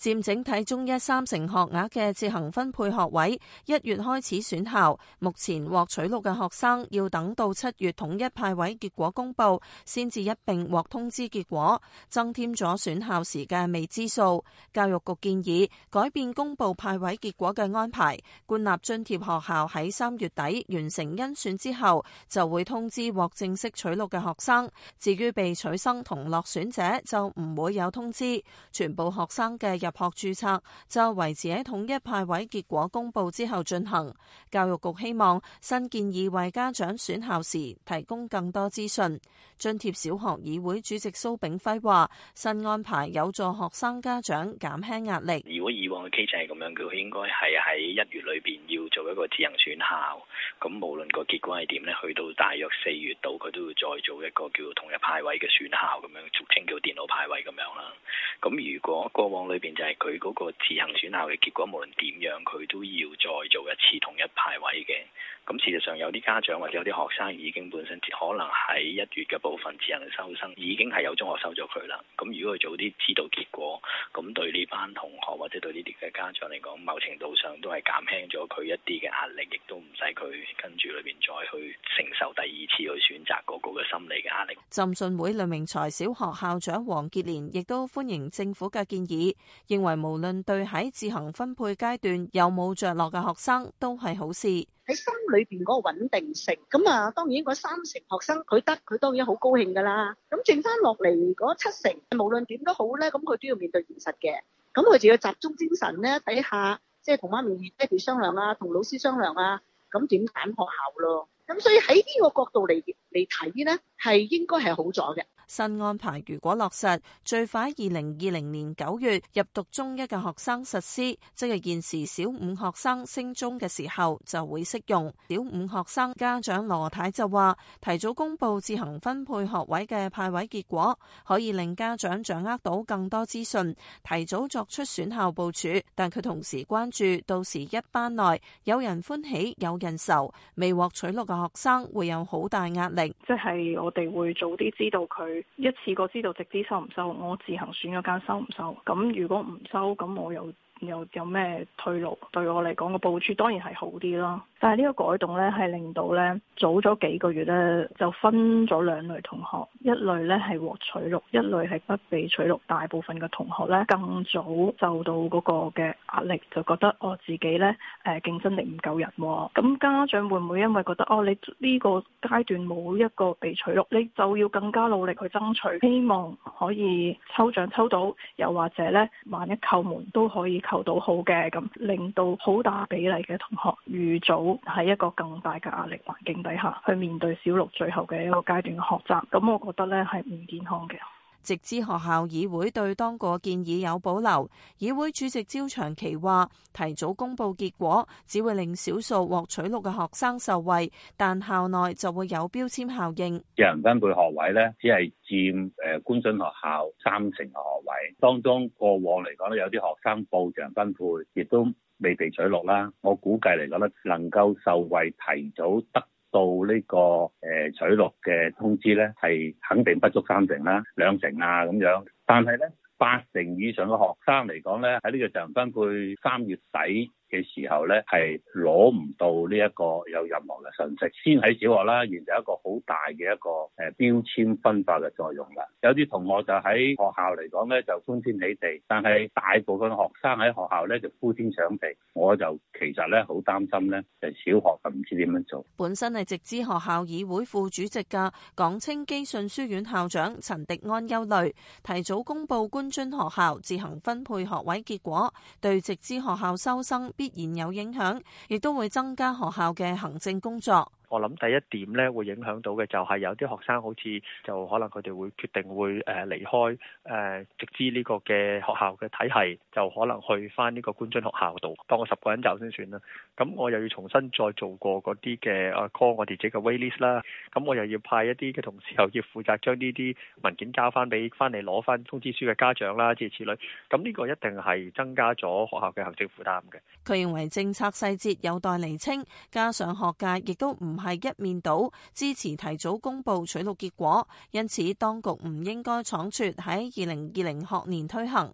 佔整體中一三成學額嘅自行分配學位，一月開始選校，目前獲取錄嘅學生要等到七月統一派位結果公布，先至一併獲通知結果，增添咗選校時嘅未知數。教育局建議改變公布派位結果嘅安排，官立津貼學校喺三月底完成甄選之後，就會通知獲正式取錄嘅學生，至於被取生同落選者就唔會有通知，全部學生嘅入入學註冊就維持喺統一派位結果公布之後進行。教育局希望新建議為家長選校時提供更多資訊。津貼小學議會主席蘇炳輝話，新安排有助學生家長減輕壓力。如果以往嘅機制係咁樣，佢應該係喺一月裏邊要做一個自行選校，咁無論個結果係點咧，去到大約四月度佢都會再做一個叫統一派位嘅選校，咁樣俗稱叫電腦派位咁樣啦。咁如果過往裏邊，就係佢嗰個自行選校嘅結果，無論點樣，佢都要再做一次統一派位嘅。咁事實上，有啲家長或者有啲學生已經本身可能喺一月嘅部分自行收生，已經係有中學收咗佢啦。咁如果佢早啲知道結果，咁對呢班同學或者對呢啲嘅家長嚟講，某程度上都係減輕咗佢一啲嘅壓力，亦都唔使佢跟住裏邊再去承受第二次去選擇嗰個嘅心理嘅壓力。浸信會呂明才小學校，校長黃杰蓮亦都歡迎政府嘅建議。認為無論對喺自行分配階段有冇着落嘅學生都係好事，喺心裏邊嗰個穩定性，咁啊當然嗰三成學生佢得，佢當然好高興噶啦。咁剩翻落嚟嗰七成，無論點都好咧，咁佢都要面對現實嘅，咁佢就要集中精神咧，睇下即係同媽咪、爹哋商量啊，同老師商量啊，咁點揀學校咯。咁所以喺呢個角度嚟嚟睇咧，係應該係好咗嘅。新安排如果落實，最快二零二零年九月入讀中一嘅學生實施，即係現時小五學生升中嘅時候就會適用。小五學生家長羅太就話，提早公布自行分配學位嘅派位結果，可以令家長掌握到更多資訊，提早作出選校部署。但佢同時關注，到時一班內有人歡喜有人愁，未獲取錄嘅學生會有好大壓力。即係我哋會早啲知道佢。一次過知道直資收唔收，我自行選咗間收唔收？咁如果唔收，咁我又又有咩退路？對我嚟講個部署當然係好啲啦。但係呢個改動呢，係令到呢早咗幾個月呢，就分咗兩類同學，一類呢係獲取錄，一類係不被取錄。大部分嘅同學呢，更早受到嗰個嘅壓力，就覺得我自己呢誒競、呃、爭力唔夠人、哦。咁家長會唔會因為覺得哦你呢個階段冇一個被取錄，你就要更加努力去？爭取希望可以抽獎抽到，又或者呢，萬一扣門都可以扣到好嘅，咁令到好大比例嘅同學預早喺一個更大嘅壓力環境底下，去面對小六最後嘅一個階段嘅學習，咁我覺得呢係唔健康嘅。直資學校議會對當個建議有保留，議會主席招長期話：提早公佈結果，只會令少數獲取錄嘅學生受惠，但校內就會有標籤效應。自行分配學位呢，只係佔誒、呃、官津學校三成嘅學位，當中過往嚟講咧，有啲學生報自行分配，亦都未被取錄啦。我估計嚟講咧，能夠受惠提早得，到呢個誒取錄嘅通知咧，係肯定不足三成啦，兩成啊咁樣。但係咧，八成以上嘅學生嚟講咧，喺呢個時候分配，三月底。嘅時候呢，係攞唔到呢一個有任何嘅信息，先喺小學啦，然成一個好大嘅一個誒標籤分化嘅作用啦。有啲同學就喺學校嚟講呢，就歡天喜地，但係大部分學生喺學校呢，就呼天搶地。我就其實呢，好擔心呢，就小學咁唔知點樣做。本身係直資學校議會副主席嘅港青基信書院校長陳迪安憂慮，提早公佈官津學校自行分配學位結果，對直資學校收生，必然有影響，亦都會增加學校嘅行政工作。我諗第一點咧，會影響到嘅就係有啲學生好似就可能佢哋會決定會誒離開誒直資呢個嘅學校嘅體系，就可能去翻呢個官津學校度。當我十個人走先算啦，咁我又要重新再做過嗰啲嘅啊 call 我哋自己嘅 waitlist 啦，咁我又要派一啲嘅同事又要負責將呢啲文件交翻俾翻嚟攞翻通知書嘅家長啦，諸如此類。咁呢個一定係增加咗學校嘅行政負擔嘅。佢認為政策細節有待釐清，加上學界亦都唔係一面倒支持提早公布取錄結果，因此當局唔應該倉促喺二零二零學年推行。